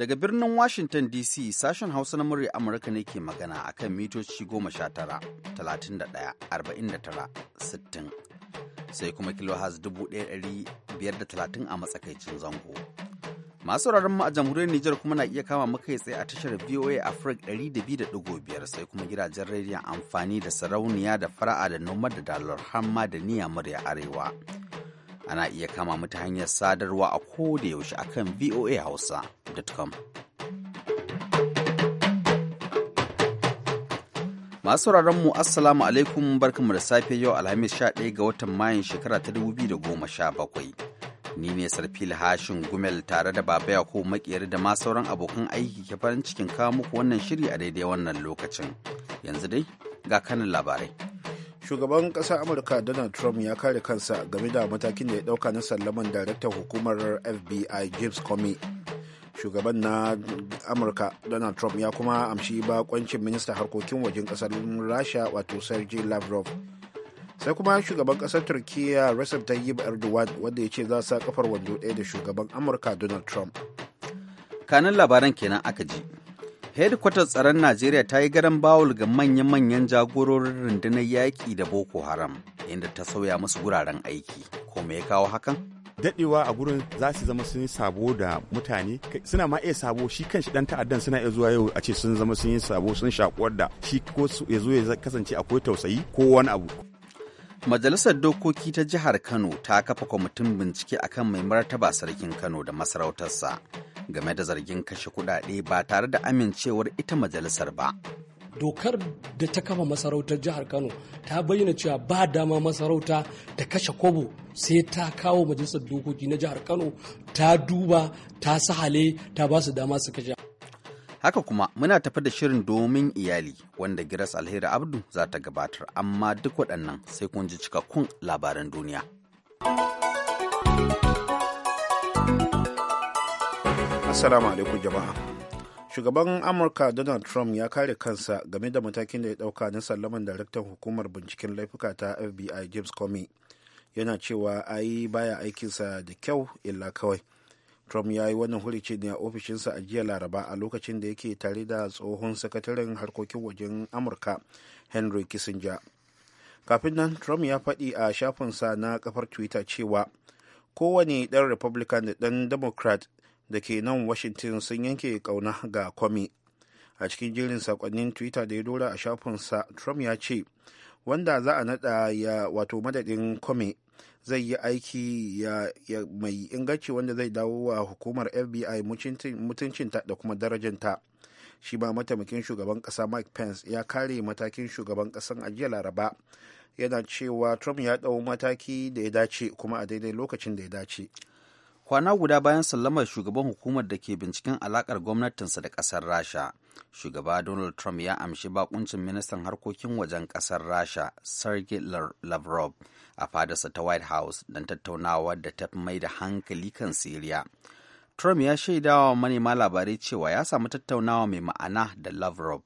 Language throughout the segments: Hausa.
Daga birnin Washington DC sashen Hausa na murya Amurka ne ke magana a kan mitoci 19-31-49-60 sai kuma kilohaz 1530 a matsakaicin zango. Masu sauraron mu a jamhuriyar Nijar kuma na iya kama muka tsaye a tashar VOA Africa biyar sai kuma gidajen rediyon amfani da sarauniya da fara'a da nomar da dalar ma da niya murya arewa. ana iya kama mu ta hanyar sadarwa a koda yaushe akan com. Masu mu Assalamu alaikum barkanmu da safe yau Alhamis 11 ga watan Mayun shekara ta 2017. Ni ne Sarfil Hashin Gumel tare da Baba ko Makiyar da ma sauran abokan aiki ke farin cikin kawo muku wannan shiri a daidai wannan lokacin. Yanzu dai ga kanin labarai. shugaban ƙasar amurka donald trump ya kare kansa game da matakin da ya ɗauka na sallaman daraktan hukumar fbi james comey shugaban na amurka donald trump ya kuma amshi bakoncin ministan harkokin wajen ƙasar rasha wato sergei lavrov sai kuma shugaban ƙasar turkiya recep tayyip erdogan wanda ya ce za sa kafar wando ɗaya da shugaban amurka donald trump kanin labaran kenan aka ji hedikwatar tsaron najeriya ta yi garan bawul ga manya-manyan jagororin rundunar yaƙi da boko haram inda ta sauya musu guraren aiki ko me ya kawo hakan daɗewa a gurin za su zama sun yi sabo da mutane suna ma iya sabo shi kan shi ɗan ta'addan suna iya zuwa yau a ce sun zama sun yi sabo sun shaƙuwar da shi ko ya zo ya kasance akwai tausayi ko wani abu Majalisar Dokoki ta Jihar Kano ta kafa kwamitin bincike akan mai martaba sarkin Kano da masarautarsa game da zargin kashe kuɗaɗe ba tare da amincewar ita majalisar ba. dokar da ta kafa masarautar jihar kano ta bayyana cewa ba dama masarauta ta kashe kobo sai ta kawo majalisar dokoki na jihar kano ta duba ta sahale ta ba su dama su kashe Haka kuma muna tafi da shirin domin iyali wanda Giras Alheri Abdu za ta gabatar amma duk waɗannan sai kun ji cikakkun labaran duniya. Assalamu alaikum jama'a. Shugaban Amurka Donald Trump ya kare kansa game da matakin da ya ɗauka na sallaman daraktan hukumar binciken laifuka ta FBI James Comey. Yana cewa ai baya aikinsa da kyau illa kawai. trump ya yi wannan hulici ne a ofishinsa a jiya laraba a lokacin da yake tare da tsohon sakataren harkokin wajen amurka henry kissinger kafin nan trump ya faɗi a shafinsa na kafar twitter cewa kowane ɗan republican da ɗan democrat da ke nan washington sun yanke ƙauna ga kwami a cikin jirin sakonnin twitter da ya dora a shafinsa trump ya ce wanda za a naɗa ya wato madadin kwame zai yi aiki mai inganci wanda zai dawo wa hukumar fbi mutuncinta da kuma darajanta shi ma mataimakin shugaban kasa mike pence ya kare matakin shugaban kasan ajiya laraba yana cewa trump ya ɗau mataki da ya dace kuma a daidai lokacin da ya dace kwana guda bayan sallamar shugaban hukumar da ke binciken alakar gwamnatinsa da kasar rasha shugaba donald trump ya amshi bakuncin ministan harkokin wajen kasar rasha sergei lavrov a fadarsa ta white house don tattaunawa da ta mai da hankali kan siriya trump ya shaidawa manema labarai cewa ya samu tattaunawa mai ma'ana da lavrov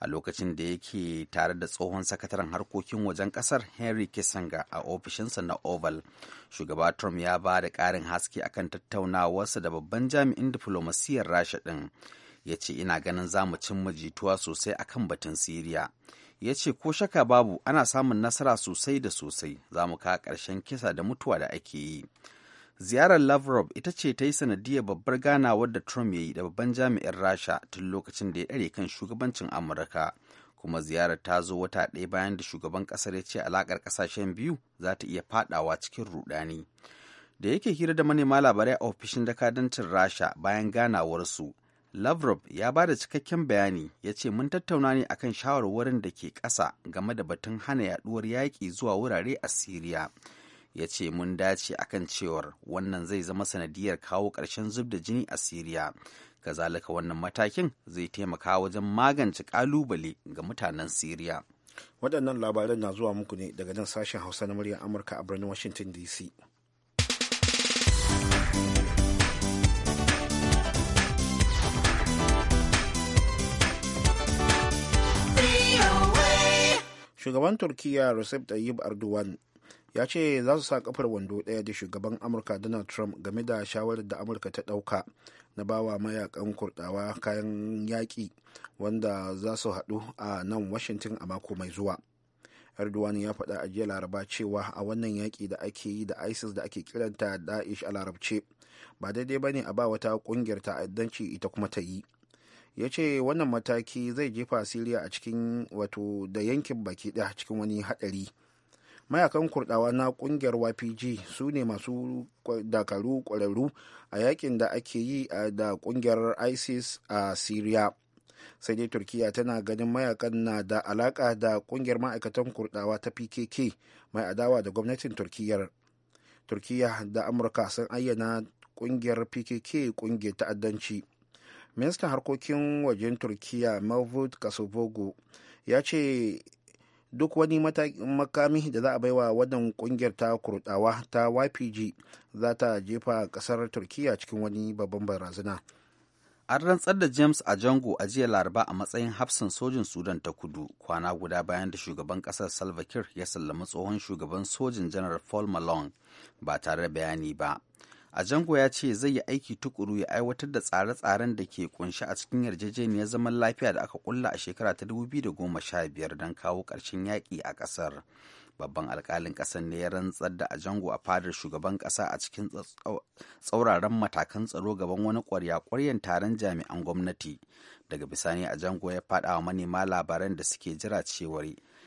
a lokacin da yake tare da tsohon sakataren harkokin wajen kasar henry kissinger a ofishinsa na oval shugaba trump ya ba da ƙarin haske akan tattaunawarsa da babban jami'in diflomasiyyar rasha ɗin ya ce ina ganin zamu mu cimma jituwa sosai akan batun siriya ya ce ko shaka babu ana samun nasara sosai da sosai za mu kawo ƙarshen kisa da mutuwa da ake yi ziyarar lavrov ita ce ta yi sanadiyar babbar ganawar da trump ya yi da babban jami'in rasha tun lokacin da ya ɗare kan shugabancin amurka kuma ziyarar ta zo wata ɗaya bayan da shugaban ƙasar ya ce alaƙar ƙasashen biyu za ta iya faɗawa cikin rudani da yake hira da manema labarai a ofishin dakadancin rasha bayan ganawarsu Lavrov ya ba da cikakken bayani ya ce mun tattauna ne akan shawarwarin da ke ƙasa game da batun hana yaduwar yaƙi zuwa wurare a Siriya. Ya ce mun dace akan cewar wannan zai zama sanadiyar kawo ƙarshen zub da jini a Siriya. Kazalika wannan matakin zai taimaka wajen magance ƙalubale ga mutanen Siriya. Waɗannan labaran na zuwa muku ne daga nan sashen Hausa na muryar Amurka a birnin Washington DC. shugaban turkiya recep tayyip erdogan ya ce za su sa kafar wando ɗaya da shugaban amurka donald trump game da shawarar da amurka ta ɗauka na bawa mayakan kurdawa kayan yaƙi wanda za su haɗu a nan washington a mako mai zuwa erdogan ya faɗa a jiya laraba cewa a wannan yaƙi da ake yi da isis da ake kiranta daesh a larabce ba daidai bane a ba wata ƙungiyar ta'addanci ita kuma ta yi ya ce wannan mataki zai jefa siriya a cikin wato da yankin baki ɗaya cikin wani haɗari mayakan kurdawa na kungiyar ypg su ne masu dakaru kwararru a yakin da ake yi da kungiyar isis a syria sai dai turkiya tana ganin mayakan na da alaka da kungiyar ma'aikatan kurdawa ta pkk mai adawa da gwamnatin turkiyar turkiya da amurka sun ayyana kungiyar pkk kungiyar ta'addanci ministan harkokin wajen turkiya mavud kasobogo ya ce duk wani makami da za a baiwa wannan kungiyar ta kurdawa ta ypg za ta jefa kasar turkiya cikin wani babban barazana an rantsar da james a jango a jiya laraba a matsayin hafsan sojin sudan ta kudu kwana guda bayan da shugaban kasar salvakir ya sallami tsohon shugaban sojin janar paul malone ba tare da bayani ba Ajango ya ce zai yi aiki tukuru ya aiwatar da tsare-tsaren da ke kunshi a cikin yarjejeniyar zaman lafiya da aka kulla a shekara ta 2015 don kawo ƙarshen yaƙi a ƙasar. Babban alkalin ƙasar ne ya rantsar da Ajango a fadar shugaban ƙasa a cikin tsauraran matakan tsaro gaban wani ƙwarya-ƙwaryen taron jami'an gwamnati. Daga bisani Ajango ya faɗa wa manema labaran da suke jira cewar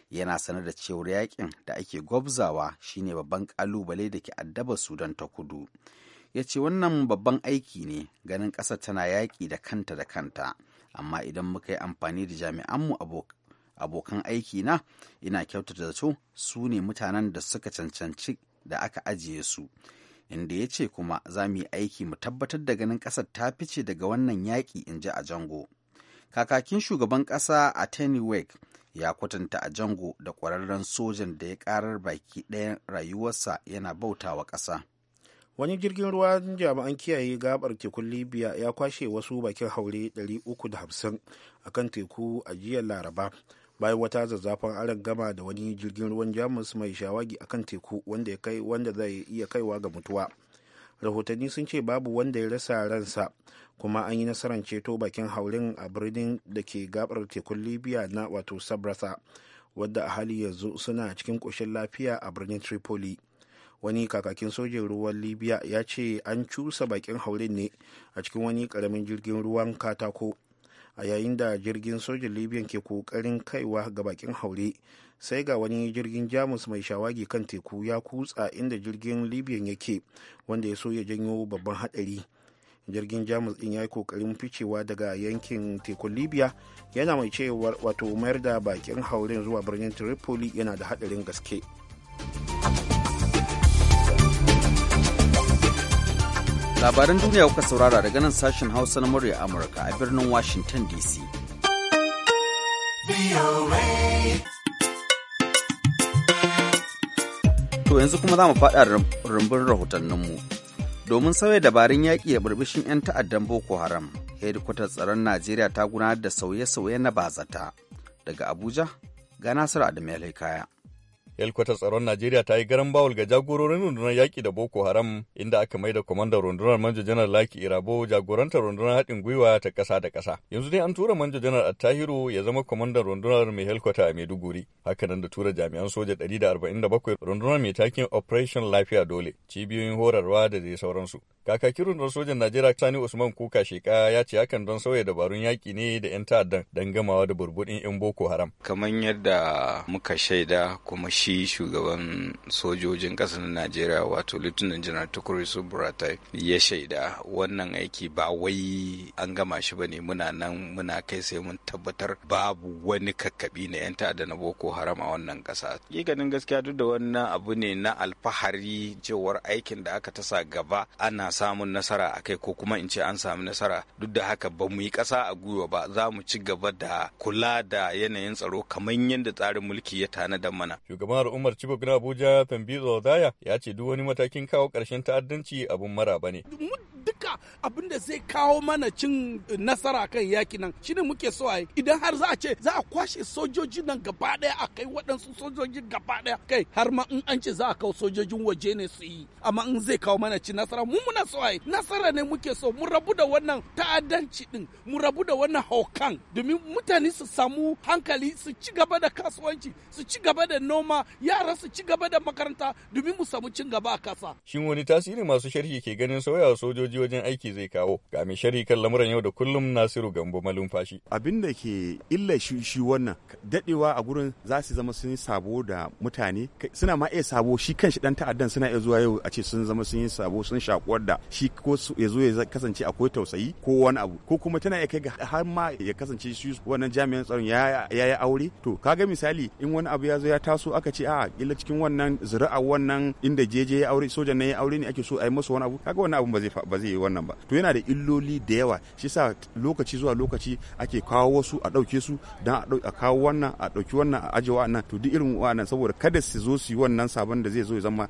yana sanar da cewar yaƙin da ake gwabzawa shine babban ƙalubale da ke addaba Sudan ta kudu. ya ce wannan babban aiki ne ganin ƙasa tana yaƙi da kanta da kanta amma idan muka yi amfani da jami'anmu abokan aiki na ina kyautata zato su ne mutanen da suka cancanci da aka ajiye su inda ya ce kuma za mu yi aiki mu tabbatar da ganin ƙasar ta fice daga wannan yaƙi in ji a jango kakakin shugaban ƙasa a wake ya kwatanta a jango da ƙwararren sojan da ya ƙarar baki ɗayan rayuwarsa yana bautawa ƙasa wani jirgin ruwan jami'an kiyaye gabar tekun libya ya kwashe wasu bakin haure 350 a kan teku a jiya laraba bayan wata zazzafan aron gama da wani jirgin ruwan jamus mai shawagi a kan teku wanda, kai, wanda zai iya kaiwa ga mutuwa rahotanni sun ce babu wanda ya rasa ransa kuma an yi nasarar ceto bakin haurin a birnin da ke gabar tekun libya na wato sabrasa wadda a hali yanzu suna cikin ƙoshin lafiya a birnin tripoli wani kakakin sojin ruwan libya ya ce an cusa bakin haurin ne a cikin wani karamin jirgin ruwan katako a yayin da jirgin sojin libya ke kokarin kaiwa ga bakin haure sai ga wani jirgin jamus mai shawagi kan teku ya kutsa inda jirgin libyan yake wanda ya so ya janyo babban hadari jirgin jamus din ya yi kokarin ficewa daga yankin tekun libya yana mai cewa wato mayar da bakin haurin zuwa birnin tripoli yana da hadarin gaske. Labaran duniya kuka saurara daga nan sashen Hausa na murya Amurka a birnin Washington DC. To yanzu kuma za mu faɗa rumbun rahotanninmu. Domin sauya dabarun yaƙi da burbushin 'yan ta'addan Boko Haram, hedikwatar tsaron Najeriya ta gudanar da sauye-sauye na bazata. Daga Abuja, ga Nasiru Adamu kaya. Yalkwata tsaron Najeriya ta yi garan bawul ga jagororin rundunar yaƙi da Boko Haram inda aka maida kwamandan rundunar Manjo Janar Laki Irabo jagorantar rundunar haɗin gwiwa ta ƙasa da ƙasa. Yanzu dai an tura Manjo Janar Attahiru ya zama kwamandan rundunar mai Yalkwata a Maiduguri. Hakanan da tura jami'an soja ɗari da da arba'in bakwai rundunar mai takin Operation Lafiya Dole, cibiyoyin horarwa da dai sauransu. Kakakin rundunar sojan Najeriya Sani Usman Kuka Sheka ya ce hakan don sauya dabarun yaƙi ne da 'yan ta'addan don gamawa da burbuɗin 'yan Boko Haram. Kamar yadda muka shaida kuma shi shugaban sojojin ƙasar Najeriya wato Lieutenant General Tukuri Buratai ya shaida wannan aiki ba wai an gama shi ba ne muna nan muna kai sai mun tabbatar babu wani kakkaɓi na 'yan ta'adda na Boko Haram a wannan ƙasa. Ganin gaskiya duk da wannan abu ne na alfahari cewar aikin da aka tasa gaba ana samun nasara a kai ko kuma in ce an samu nasara duk da haka ba mu yi ƙasa a gwiwa ba za mu ci gaba da kula da yanayin tsaro kamar yadda tsarin mulki ya tanada mana. Shugaban al'ummar Chibok na Abuja Tambizo Daya ya ce duk wani matakin kawo ƙarshen ta'addanci abun mara ba ne. duka abin da zai kawo mana cin nasara kan yaki nan shine muke so ai idan har za a ce za a kwashe sojoji nan gaba daya a kai waɗansu sojoji gaba daya kai har ma in an ce za a kawo sojojin waje ne su yi amma in zai kawo mana cin nasara mu muna so ai nasara ne muke so mu rabu da wannan ta'addanci din mu rabu da wannan haukan domin mutane su samu hankali su ci gaba da kasuwanci su ci gaba da noma yara su ci gaba da makaranta domin mu samu cin gaba a kasa shin wani tasiri masu sharhi ke ganin sauya sojoji ji wajen aiki zai kawo ga mai shari kan lamuran yau da kullum nasiru gambo malumfashi abin da ke illa shi shi wannan dadewa a gurin za su zama sun sabo da mutane suna ma iya sabo shi kanshi dan ta'addan suna iya zuwa yau a ce sun zama sun yi sabo sun shakuwar da shi ko ya zo ya kasance akwai tausayi ko wani abu ko kuma tana iya kai ga har ma ya kasance shi wannan jami'an tsaron ya yi aure to kaga misali in wani abu ya zo ya taso aka ce a illa cikin wannan zuri'a wannan inda jeje ya aure sojan ne ya aure ne ake so a yi masa wani abu kaga wannan abu ba zai ba zai yi wannan ba to yana da illoli da yawa shi sa lokaci zuwa lokaci ake kawo wasu a ɗauke su don a kawo wannan a ɗauki wannan a ajiye wannan to duk irin wannan saboda kada su zo su yi wannan sabon da zai zo ya zama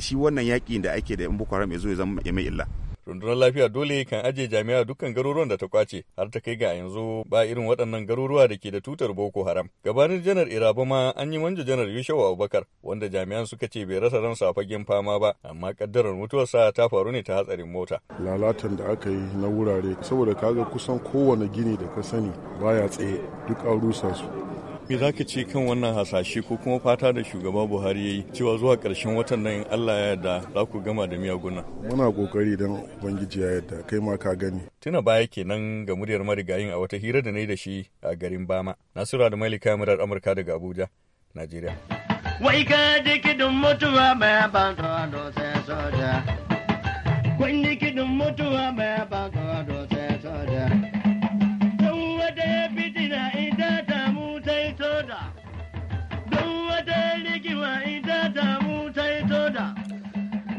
shi wannan yaƙi da ake da yan boko ya zo ya zama ya mai illa rundunar lafiya dole kan ajiye jami'a dukkan garuruwan da ta kwace har ta kai ga yanzu ba irin waɗannan garuruwa da ke da tutar boko haram gabanin janar iraba ma an yi manja janar yushewa abubakar wanda jami'an suka ce bai rasa ransa a fagen fama ba amma kaddarar mutuwarsa ta faru ne ta hatsarin mota lalatan da aka yi na wurare saboda kaga kusan kowane gini da ka sani baya tsaye duk an rusa su Me za ka ce kan wannan hasashe ko kuma fata da shugaba Buhari ya yi cewa zuwa ƙarshen watan nan Allah ya yarda za ku gama da miyaguna. Muna kokari don Ubangiji ya yarda kai ma ka gani. Tuna baya kenan ga muryar marigayin a wata hira da na yi da shi a garin Bama. Nasura da Malika murar Amurka daga Abuja, Najeriya. Wai ka kidin mutuwa mai ban tsoro sai soja. Kwai kidin mutuwa mai ban tsoro sai soja.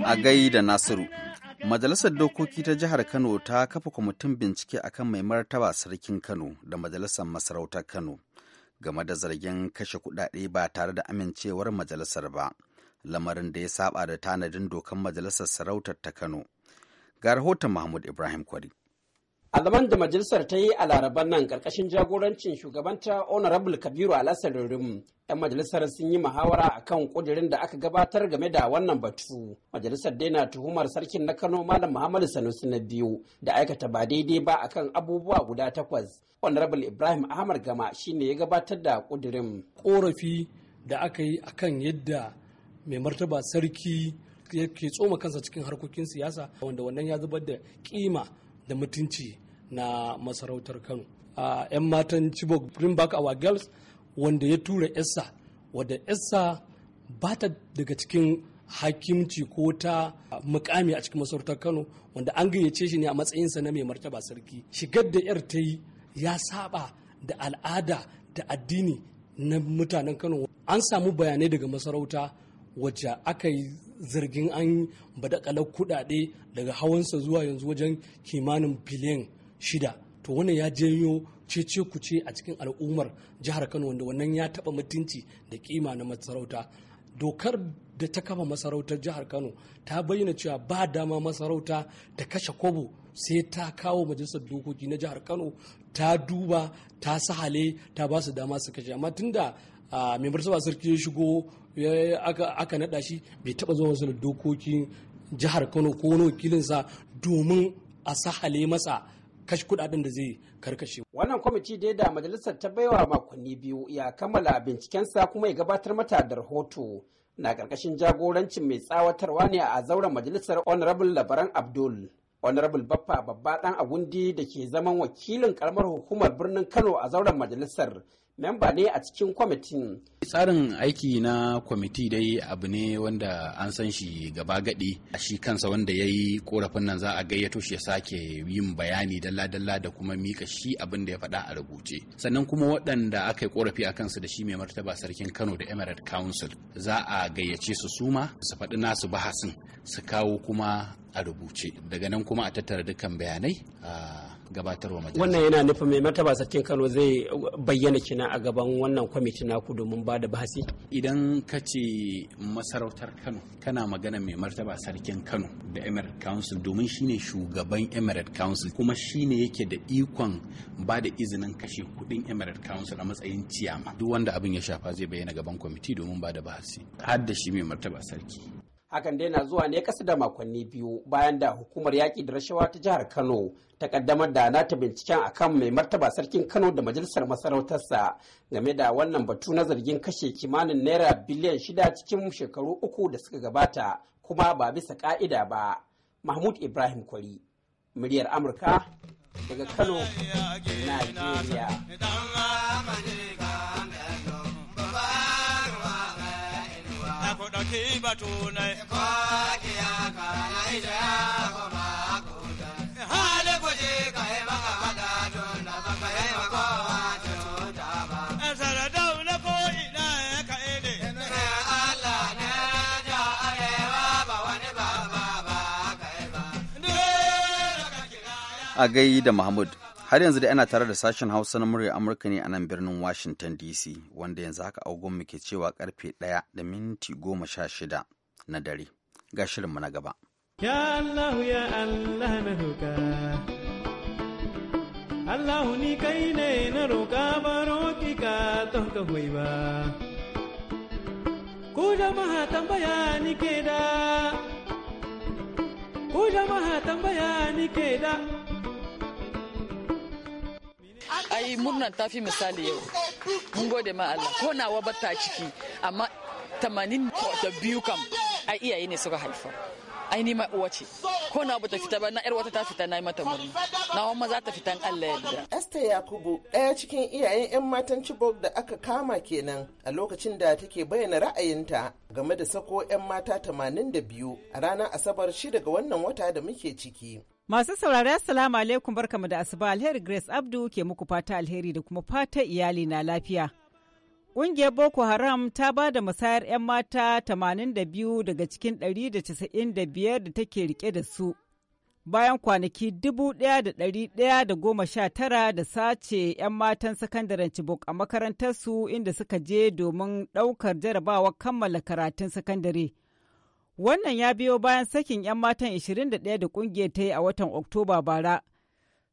a gai da Nasiru. Majalisar Dokoki ta Jihar Kano ta kafa kwamitin bincike akan mai martaba sarkin Kano da Majalisar Masarautar Kano game da zargin kashe kuɗaɗe ba tare da amincewar majalisar ba, lamarin da ya saba da tanadin dokan majalisar sarautar ta Kano. Ga rahoton Mahmud Ibrahim Kwari. a zaman da majalisar ta yi a laraban nan karkashin jagorancin shugabanta honorable kabiru AlHassan rim yan majalisar sun yi muhawara a kan kudirin da aka gabatar game da wannan batu majalisar dai na tuhumar sarkin na kano malam muhammadu sanusi na biyu da aikata ba daidai ba akan abubuwa guda takwas honorable ibrahim ahmad gama shine ya gabatar da kudirin korafi da aka yi a kan yadda mai martaba sarki yake tsoma kansa cikin harkokin siyasa wanda wannan ya zubar da kima da mutunci na masarautar kano a 'yan matan chibok bring back our girls wanda ya tura essa wadda essa ba ta daga cikin hakimci ko ta mukami a cikin masarautar kano wanda an gayyace shi ne a matsayinsa na mai martaba sarki shigar da yar ta yi ya saba da al'ada da addini na mutanen kano an samu bayanai daga masarauta wacce aka yi zargin an badakalar kuɗaɗe daga hawansa zuwa yanzu wajen kimanin biliyan shida to wannan ya janyo cece kuce a cikin al'ummar jihar kano wanda wannan ya taɓa mutunci da kima na masarauta dokar da ta kafa masarautar jihar kano ta bayyana cewa ba dama masarauta ta kashe kobo sai ta kawo majalisar dokoki na jihar kano ta duba ta sahale ta ba su dama su kashe amma tunda a mai martaba sarki ya shigo aka naɗa shi bai taba zuwa wasu dokokin jihar kano ko wani wakilinsa domin a sahale masa kashe kudaden da zai karkashe. Wannan kwamiti dai da majalisar ta baiwa makonni biyu ya kammala bincikensa kuma ya gabatar mata da rahoto. Na karkashin jagorancin mai tsawatarwa ne a zauren majalisar Honorable Labaran Abdul. honorable baffa babba dan agundi da ke zaman wakilin karamar hukumar birnin kano a zauren majalisar memba ne a cikin kwamitin tsarin aiki na kwamiti dai abu ne wanda an san shi gaba gadi a shi kansa wanda ya yi korafin nan za a gayyato shi ya sake yin bayani dalla-dalla da kuma mika shi abin da ya faɗa a rubuce sannan kuma waɗanda aka yi korafi a kansu da shi mai martaba sarkin kano da emirate council za a gayyace su suma su faɗi nasu bahasin su kawo kuma a rubuce daga nan kuma a tattara dukkan bayanai a gabatarwa majalisa wannan yana nufin mai martaba sarkin kano zai bayyana kina a gaban wannan kwamiti naku domin ba da bahasi idan ka ce masarautar kano kana magana mai martaba sarkin kano da emirate council domin shine shugaban emirate council kuma shine yake da ikon ba da izinin kashe kudin emirate council a matsayin ciyama duk wanda abin ya shafa zai bayyana gaban kwamiti domin ba da bahasi har da shi mai martaba sarki hakan dai na zuwa ne kasa da makonni biyu bayan da hukumar yaƙi da rashawa ta jihar kano ta kaddamar da nata binciken a kan mai martaba sarkin kano da majalisar masarautarsa game da wannan batu na zargin kashe kimanin naira biliyan shida cikin shekaru uku da suka gabata kuma ba bisa ka'ida ba mahmud ibrahim kwari muryar amurka daga kano nigeria shi batu ne. Kwa kiya ka na ije ya kuma kuta. Hali kuji ka yi e maka hada tun da baka yi maka wa cuta ba. E e Sara na ko ina ya ka ile. Ne Allah ne ja arewa ba wani baba ba kai ba. A gai da Mahmud. Har yanzu dai ana tare da sashen Hausa na murya Amurka ne a nan birnin Washington DC, wanda yanzu haka mu ke cewa karfe ɗaya da minti goma sha shida na dare. Ga shirinmu na gaba. Ya Allah ya Allah na Allah ni kai ne na baro ki ka ton ka hoyi ba. Ku jama'a tambaya ni ke da. Ku jama'a tambaya ke da. ai murnar ta fi misali yau mun gode ma Allah ko nawa batta ciki amma tamanin da biyu kam a iyaye ne suka haifa ai ni ma uwa ce ko na bata fita ba na yar wata ta fita na yi mata murna na wamma za ta fita Allah yadda. Esther Yakubu ɗaya cikin iyayen yan matan Chibok da aka kama kenan a lokacin da take bayyana ra'ayinta game da sako yan mata 82 a ranar Asabar 6 ga wannan wata da muke ciki Masu saurari Assalamu alaikum barkamu da asuba alheri Grace Abdu ke muku fata alheri da kuma fata iyali na lafiya. Ƙungiyar Boko Haram ta ba da musayar 'yan mata 82 daga cikin 195 da take rike da su bayan kwanaki 1,119 da sace 'yan matan sakandaren Chibok a makarantarsu inda suka je domin ɗaukar jarabawar kammala karatun sakandare. Wannan ya biyo bayan sakin 'yan matan 21 da kungiyar ta yi a watan Oktoba bara.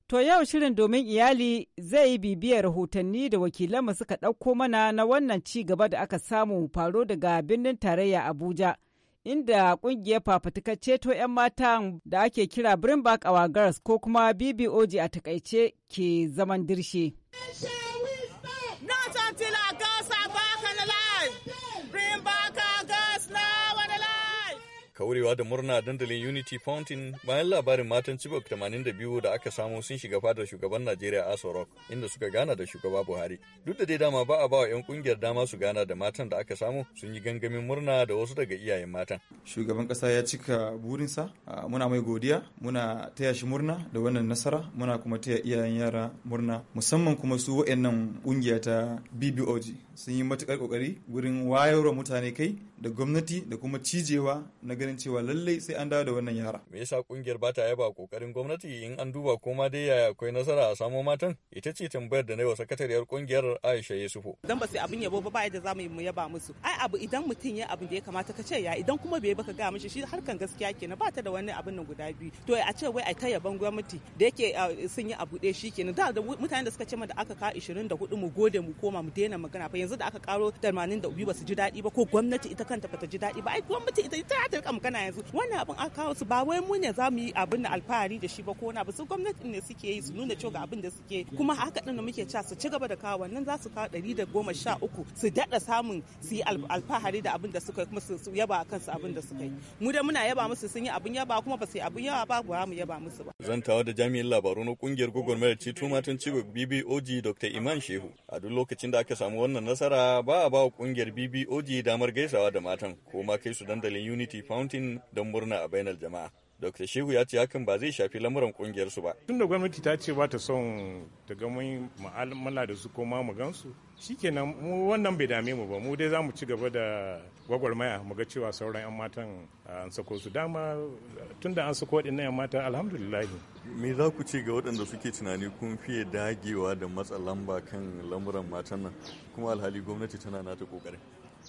To yau shirin domin iyali zai yi bibiyar rahotanni da wakilanmu suka ɗauko mana na wannan ci gaba da aka samu faro daga birnin tarayya Abuja, inda ƙungiyar fafutukar ceto 'yan matan da ake kira Brimbak Girls ko kuma BBOG a takaice ke zaman dirshe. kaurewa da murna a dandalin Unity Fountain bayan labarin matan cibok 82 da aka samu sun shiga fadar shugaban Najeriya Aso Rock inda suka gana da shugaba Buhari. Duk da dai dama ba a ba wa 'yan kungiyar dama su gana da matan da aka samu sun yi gangamin murna da wasu daga iyayen matan. Shugaban kasa ya cika burinsa muna mai godiya muna taya shi murna da wannan nasara muna kuma taya iyayen yara murna musamman kuma su wa'annan kungiya ta BBOG sun yi matukar kokari wurin wayarwa mutane kai da gwamnati da kuma cijewa na ganin cewa lallai sai an dawo da wannan yara. Me yasa kungiyar ba ta yaba kokarin gwamnati in an duba koma dai yaya akwai nasara a samo matan? Ita ce tambayar da na yi wa sakatariyar kungiyar Aisha Yusufu. Dan ba sai abin yabo ba ba da zamu yi mu yaba musu. Ai abu idan mutum ya abin da ya kamata ka ce ya idan kuma bai baka ga mishi shi harkan gaskiya kenan ba ta da wani abin nan guda biyu. To a ce wai a ta yaban gwamnati da yake eh, sun yi abu ɗaya shi kenan. Da mutane da suka ce ma da aka ka 24 mu gode mu koma mu daina magana fa yanzu da aka karo 82 ba su ji daɗi ba ko gwamnati ita kanta ba ta ji daɗi ba ai gwamnati ita ta ta rika magana yanzu wannan abin aka kawo su ba wai mu ne za mu yi abin da alfahari da shi ba ko na ba su gwamnati ne suke yi su nuna cewa ga abin da suke kuma haka din da muke cewa su ci gaba da kawo wannan za su kawo 113 su daɗa samun su yi alfahari da abin da suka yi kuma su yaba kansu abin da suka yi mu da muna yaba musu sun yi abin yaba kuma ba su yi abin yaba ba ba mu yaba musu ba zan zantawa da jami'in labaru na kungiyar gwagwarmayar ceto matan cigo BBOG Dr. Iman Shehu a duk lokacin da aka samu wannan nasara ba a ba wa kungiyar BBOG damar gaisawa da matan ko ma kai su dandalin Unity Fountain don murna a bainar jama'a. Dr. Shehu ya ce hakan ba zai shafi lamuran kungiyar ba. Tun da gwamnati ta ce ba ta son ta ga mun mu'amala da su koma mu gansu. Shikenan mu wannan bai dame mu ba mu dai za mu ci gaba da gwagwarmaya mu ga cewa sauran 'yan matan an sako su dama tun an sako waɗannan 'yan mata alhamdulillah. Me za ku ce ga waɗanda suke tunani kun fiye dagewa da matsa lamba kan lamuran matan nan kuma alhali gwamnati tana nata ƙoƙarin.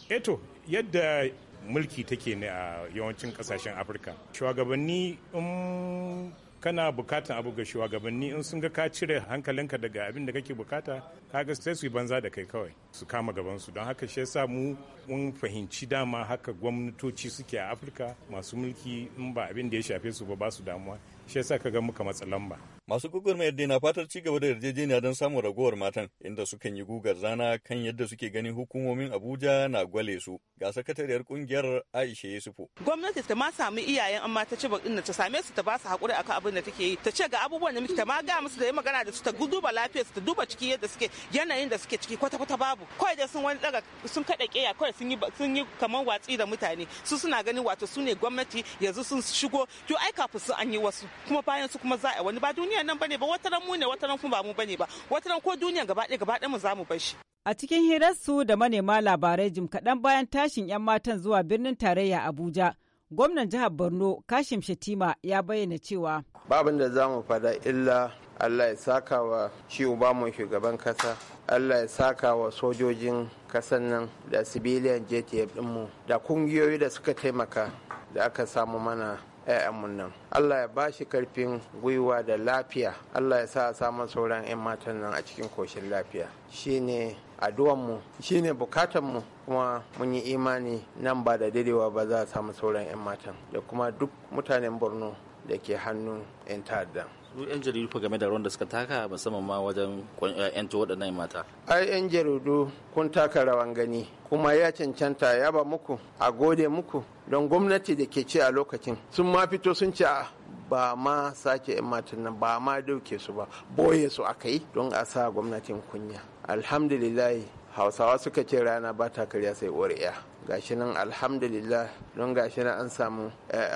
eto eh yadda mulki take ne a yawancin kasashen afirka shugabanni in kana bukatan abu ga shugabanni in sun ga ka cire hankalinka daga abin da kake bukata kaga sai su yi banza da kai kawai su kama gaban su don haka shi yasa mu mun fahimci dama haka gwamnatoci suke a afirka masu mulki in ba abin da ya shafe su ba ba su damuwa shi yasa ga muka matsa lamba Masu gwagwarmayar dai na fatar ci gaba da yarjejeniya don samun ragowar matan inda sukan yi gugar zana kan yadda suke ganin hukumomin Abuja na gwale su. Ga sakatariyar kungiyar Aisha Yusufu. Gwamnati ta ma samu iyayen amma ta ci bakin ta same su ta ba su hakuri akan abin da take yi. Ta ce ga abubuwan da muke ta ma ga musu da yi magana da su ta duba lafiyar su ta duba ciki yadda suke yanayin da suke ciki kwata kwata babu. Kawai da sun wani daga sun kada keya kawai sun yi sun yi kamar watsi da mutane. Su suna ganin wato su ne gwamnati yanzu sun shigo to ai kafin su an yi wasu kuma bayan su kuma za a wani ba duniya duniya nan bane ba wataran mu ne wataran kuma ba mu bane ba wataran ko duniya gaba ɗaya gaba ɗaya mu za bar shi a cikin hirarsu da manema labarai jim kaɗan bayan tashin 'yan matan zuwa birnin tarayya abuja gwamnan jihar borno kashim shatima ya bayyana cewa babin da za mu fada illa allah ya saka wa shi mu shugaban kasa allah ya saka wa sojojin kasan nan da civilian jtf ɗinmu da kungiyoyi da suka taimaka da aka samu mana 'ya'yanmu nan allah ya ba shi karfin gwiwa da lafiya allah ya sa samun sauran 'yan matan nan a cikin koshin lafiya Shi ne addu'anmu shi ne bukatanmu kuma mun yi imani nan ba da daidaiwa ba za a samu sauran 'yan matan da kuma duk mutanen borno da ke hannun 'yan ta'adda yan jaridu fa game da ruwan da suka taka musamman ma wajen da eh, waɗannan mata ai yan jaridu kun taka rawan gani kuma ya cancanta ya ba muku a gode muku don gwamnati da ke ce a lokacin sun ma fito sun ce ah, ba ma sake 'yan matan nan ba ma dauke su ba boye su aka yi don a sa gwamnatin kunya alhamdulillah hausawa suka ce rana ba ta karya sai ƙuri'a gashi nan alhamdulillah don gashi nan an samu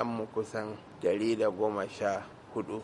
mu kusan da goma sha hudu.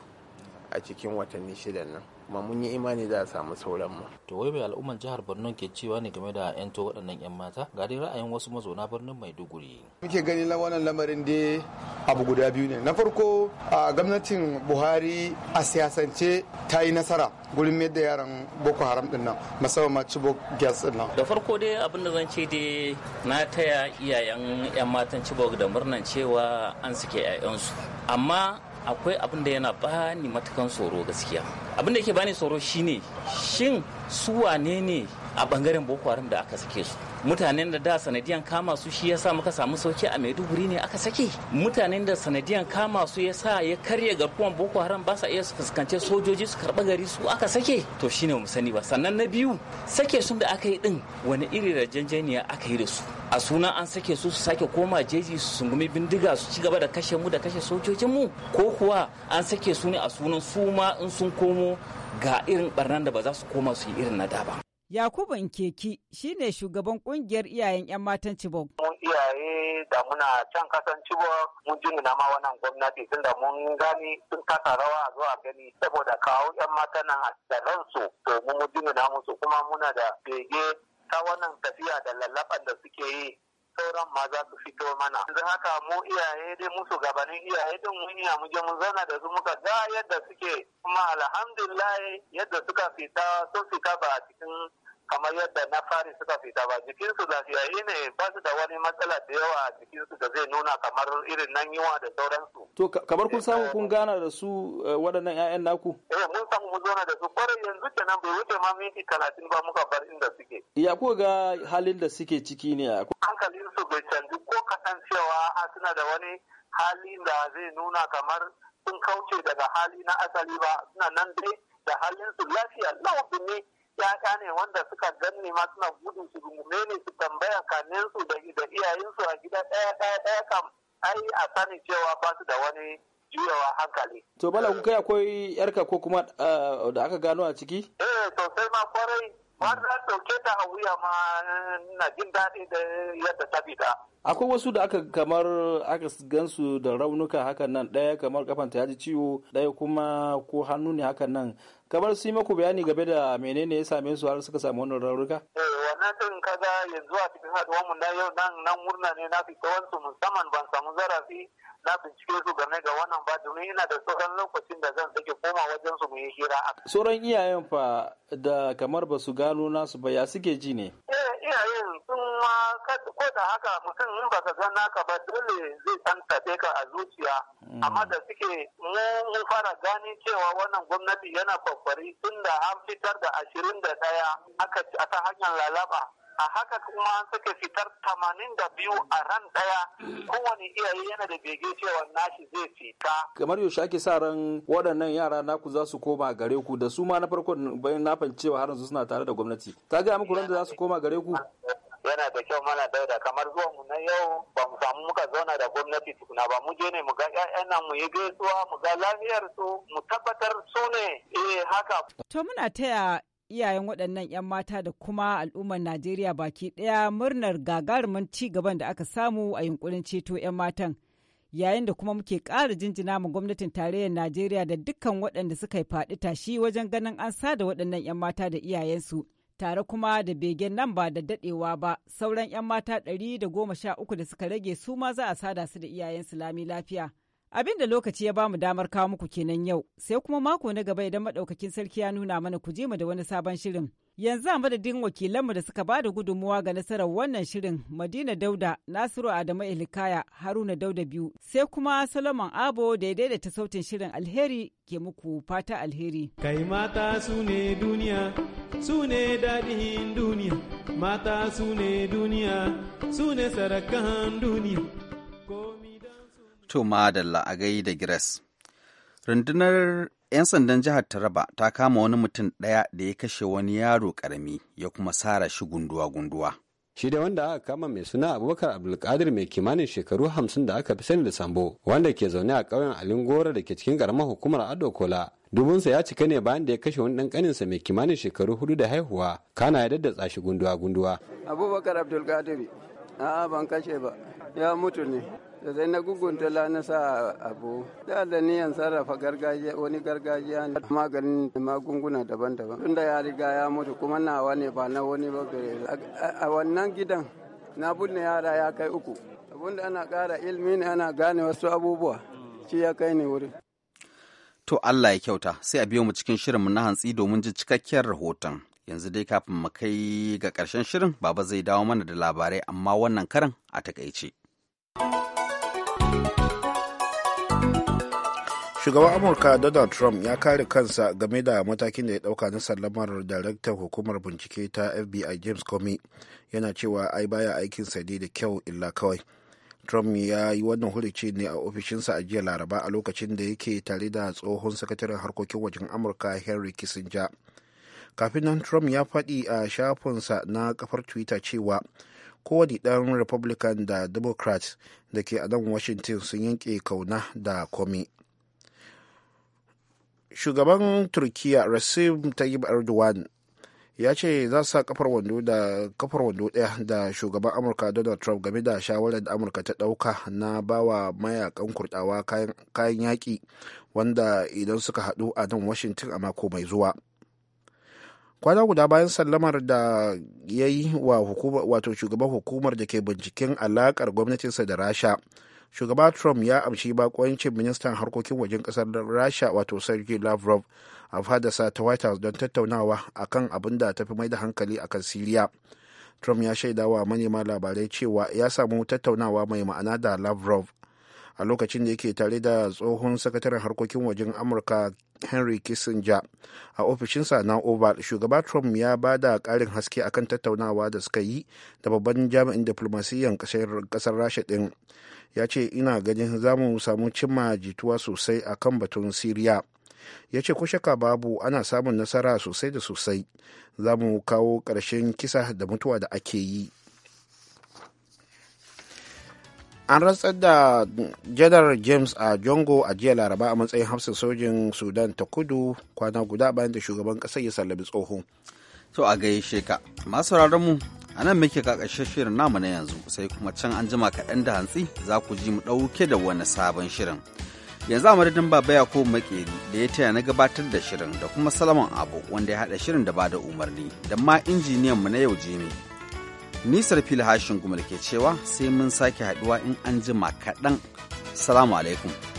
a cikin watanni shidan nan kuma mun yi imani za a samu sauran mu. To wai mai al'ummar jihar Borno ke cewa ne game da 'yanto waɗannan 'yan mata ga dai ra'ayin wasu mazauna birnin Maiduguri. Muke gani wannan lamarin dai abu guda biyu ne. Na farko a gwamnatin Buhari a siyasance ta yi nasara gurin mai da yaran Boko Haram din nan musamman ma Chibok Girls din nan. Da farko dai abin da zan ce dai na taya iyayen 'yan matan Chibok da murnan cewa an suke 'ya'yansu. Amma akwai abin da yana ba ni matukan tsoro gaskiya abin da yake bani tsoro shine shin su wane ne a bangaren boko haram da aka sake su mutanen da da sanadiyan kama su shi yasa muka samu sauki a maiduguri ne aka sake mutanen da sanadiyan kama su yasa ya karya garkuwan boko haram ba sa iya su fuskance sojoji su karba gari su aka sake to shine mu sani ba sannan na biyu sake sun da aka yi din wani iri da janjaniya aka yi da su a suna an sake su su sake koma jeji su sungumi bindiga su ci gaba da kashe mu da kashe sojojin mu ko kuwa an sake su ne a sunan su ma in sun komo ga irin barnan da ba za su koma su yi irin na da ba Yakubu Nkeki shine shugaban kungiyar iyayen 'yan matan Chibok. Mun iyaye da muna can kasan Chibok mun jingina ma wannan gwamnati tun da mun gani sun kasa rawa a zuwa gani saboda kawo 'yan matan nan da ransu to mun jingina musu kuma muna da bege ta wannan tafiya da lallaban da suke yi sauran ma za su fito mana yanzu haka mu iyaye dai musu gabanin iyaye din mun iya mu je mun zauna da su muka ga yadda suke kuma alhamdulillah yadda suka fita sun fita ba a cikin kamar yadda na fari suka fita ba jikinsu lafiyayi ne ba su da wani matsala da yawa a jikinsu da zai nuna kamar irin nan yiwa da sauransu. To kamar kun samu eh, kun gana da su eh, waɗannan 'ya'yan naku? Eh mun samu mu zauna da su kwarai yanzu nan bai wuce ma minti talatin ba muka bar inda suke. Ya ko ga halin da suke ciki ne a? Hankalinsu bai canji ko kasancewa suna da wani hali da zai nuna kamar sun kauce daga hali na asali ba suna nan dai da halin su lafiya lawa ne ya'ya ne wanda suka ganni ma suna gudun su rungume ne su tambaya kanin su da iyayensu a gida ɗaya daya daya kam ai a sani cewa ba su da wani juyawa hankali. To bala ku akwai yarka ko kuma eh, da aka gano a ciki? Eh sosai ma kwarai har na ɗauke ta a wuya ma na jin daɗi da yadda ta fita. Akwai wasu da aka kamar aka gansu da raunuka hakan nan ɗaya kamar kafanta ya ji ciwo ɗaya kuma ko hannu ne hakan nan kamar su yi maku bayani game da menene ya same su har suka samu wannan raunuka. Eh, wannan din kaga yanzu a cikin haɗuwar mu na yau nan nan murna ne na fita wansu musamman ban samu zarafi na bincike su game ga wannan ba domin yana da sauran lokacin da zan sake koma wajen su mu yi hira. sauran iyayen fa da kamar ba su gano nasu ba ya suke ji ne. eh iyayen sun ma ko da haka mutum in baka ga naka ba dole zai san ka a zuciya hmm. amma da suke mu fara gani cewa wannan gwamnati yana kwari tun an fitar da ashirin da ɗaya aka ci ta hanyar lalaba a haka kuma suka fitar tamanin da biyu a ran ɗaya kowane iyaye yana da bege cewa nashi zai fita. kamar yaushe ake sa ran waɗannan yara naku za su koma gare ku da su ma na farko bayan na fahimci cewa har yanzu suna tare da gwamnati ta gaya muku ran da za su koma gare ku. yana da kyau mana dauda kamar zuwa mu na yau ba mu samu muka zauna da gwamnati tukuna ba mu je ne mu ga ƴaƴan nan mu yi gaisuwa mu ga lafiyar su mu tabbatar su ne eh haka to muna taya iyayen waɗannan 'yan mata da kuma al'ummar Najeriya baki ɗaya murnar gagarumin ci gaban da aka samu a yunkurin ceto 'yan matan. Yayin da kuma muke ƙara jinjina ma gwamnatin tarayyar Najeriya da dukkan waɗanda suka yi faɗi tashi wajen ganin an sada waɗannan 'yan mata da iyayensu. tare kuma da begen nan ba da dadewa ba sauran 'yan mata 113 da suka rage su ma za a sada su da iyayensu lami lafiya. Abin da lokaci ya bamu damar kawo muku kenan yau, sai kuma mako na gaba idan maɗaukakin sarki ya nuna mana ku je mu da wani sabon shirin. Yanzu a madadin wakilanmu da suka ba da gudunmuwa ga nasarar wannan shirin Madina Dauda, Nasiru Adamu Ilikaya, Haruna Dauda biyu, sai kuma Solomon Abo da ya daidaita sautin shirin alheri ke muku fata alheri. Kai mata su ne duniya, su ne dadihin duniya, mata su ne duniya, su ne sarakan duniya. To madalla a gai da Gires. Rundunar 'yan sandan jihar Taraba ta kama wani mutum ɗaya da ya kashe wani yaro ƙarami ya kuma sara shi gunduwa-gunduwa. shi da wanda aka kama mai suna abubakar abdulkadir mai kimanin shekaru hamsin da aka fi sani da sambo wanda ke zaune a ƙauyen alingora da ke cikin ƙaramar hukumar ado kola dubunsa ya cika ne bayan da ya kashe wani ɗan ƙaninsa mai kimanin shekaru hudu da haihuwa kana ya daddatsa shi gunduwa gunduwa abubakar abdulkadir a ban kashe ba ya mutu ne da sai na dala na sa abu da da niyan sarrafa gargajiya wani gargajiya ne maganin magunguna daban-daban tunda ya riga ya mutu kuma nawa ne ba na wani ba a wannan gidan na bunne yara ya kai uku abinda ana kara ilmi ne ana gane wasu abubuwa shi ya kai ne wuri to Allah ya kyauta sai a biyo mu cikin shirinmu na hantsi domin ji cikakkiyar rahoton yanzu dai kafin mu kai ga ƙarshen shirin baba zai dawo mana da labarai amma wannan karan a takaice. shugaban amurka donald trump ya kare kansa game da matakin da ya dauka na sallamar daraktar hukumar bincike ta fbi james comey yana cewa ai baya aikin sadi da kyau illa kawai trump ya yi wannan hurici ne a ofishinsa a jiya laraba a lokacin da yake tare da tsohon sakataren harkokin wajen amurka henry kissinger kafin nan trump ya faɗi a shafinsa na kafar twitter cewa kowane ɗan republican da democrat da ke a nan washington sun yanke kauna da comey shugaban turkiya recep tayyip erdogan ya ce za sa kafar wando da kafar wando ɗaya da shugaban amurka donald trump game da shawarar da amurka ta dauka na bawa mayakan kurdawa kayan yaki wanda idan suka hadu a nan washington a mako mai zuwa kwana guda bayan sallamar da ya yi wa wato shugaban hukumar da ke binciken alakar gwamnatinsa da rasha shugaba trump ya amshi bakoncin ministan harkokin wajen kasar rasha wato sergei lavrov a fadasa ta white house don tattaunawa a kan abin da tafi mai da hankali akan siriya trump ya shaida wa manema labarai cewa ya samu tattaunawa mai ma'ana da lavrov a lokacin da yake tare da tsohon sakataren harkokin wajen amurka henry kissinger a ofishinsa na oval shugaba trump ya ba da karin haske akan tattaunawa da suka yi da babban jami'in diplomasiyyar kasar rasha din ya ce ina ganin za mu samu cimma jituwa sosai a kan batun siriya ya ce shaka babu ana samun nasara sosai da sosai za mu kawo ƙarshen kisa da mutuwa da ake yi an rantsar da janar james a jongo a jiya laraba a matsayin hafsin sojin sudan ta kudu kwana guda bayan da shugaban ƙasar ya sallabi tsoho To a gaishe ka, masu mu a nan muke ka shirin namu na yanzu sai kuma can an jima kaɗan da hantsi za ku ji mu ɗauke da wani sabon shirin. Yanzu a madadin baba ko Makeri da ya taya na gabatar da shirin da kuma Salaman Abu wanda ya haɗa shirin da ba da umarni da ma injiniyan mu na yau Jimi. Nisar fil hashin gumar ke cewa sai mun sake haɗuwa in an jima kaɗan. Salamu alaikum.